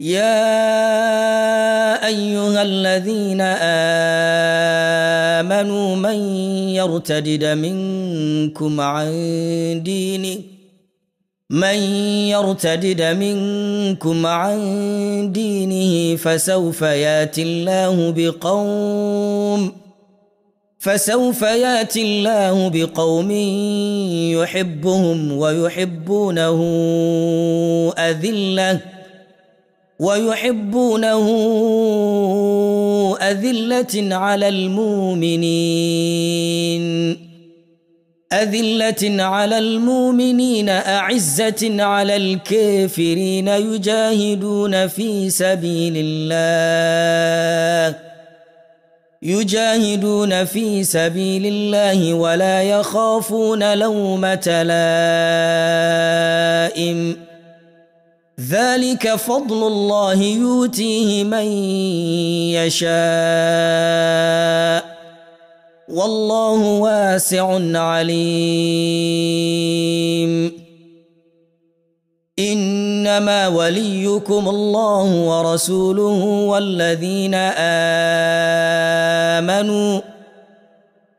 يا ايها الذين امنوا من يرتدد منكم عن دينه من يرتدد منكم عن دينه فسوف ياتي الله بقوم فسوف ياتي الله بقوم يحبهم ويحبونه اذله ويحبونه أذلة على المؤمنين أذلة على المؤمنين أعزة على الكافرين يجاهدون في سبيل الله يجاهدون في سبيل الله ولا يخافون لومة لائم ذلك فضل الله يؤتيه من يشاء والله واسع عليم انما وليكم الله ورسوله والذين امنوا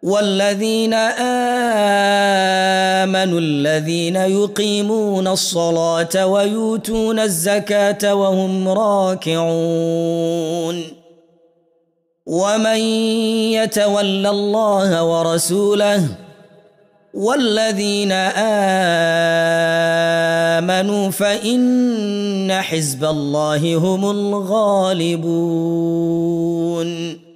والذين امنوا امنوا الذين يقيمون الصلاه ويؤتون الزكاه وهم راكعون ومن يتول الله ورسوله والذين امنوا فان حزب الله هم الغالبون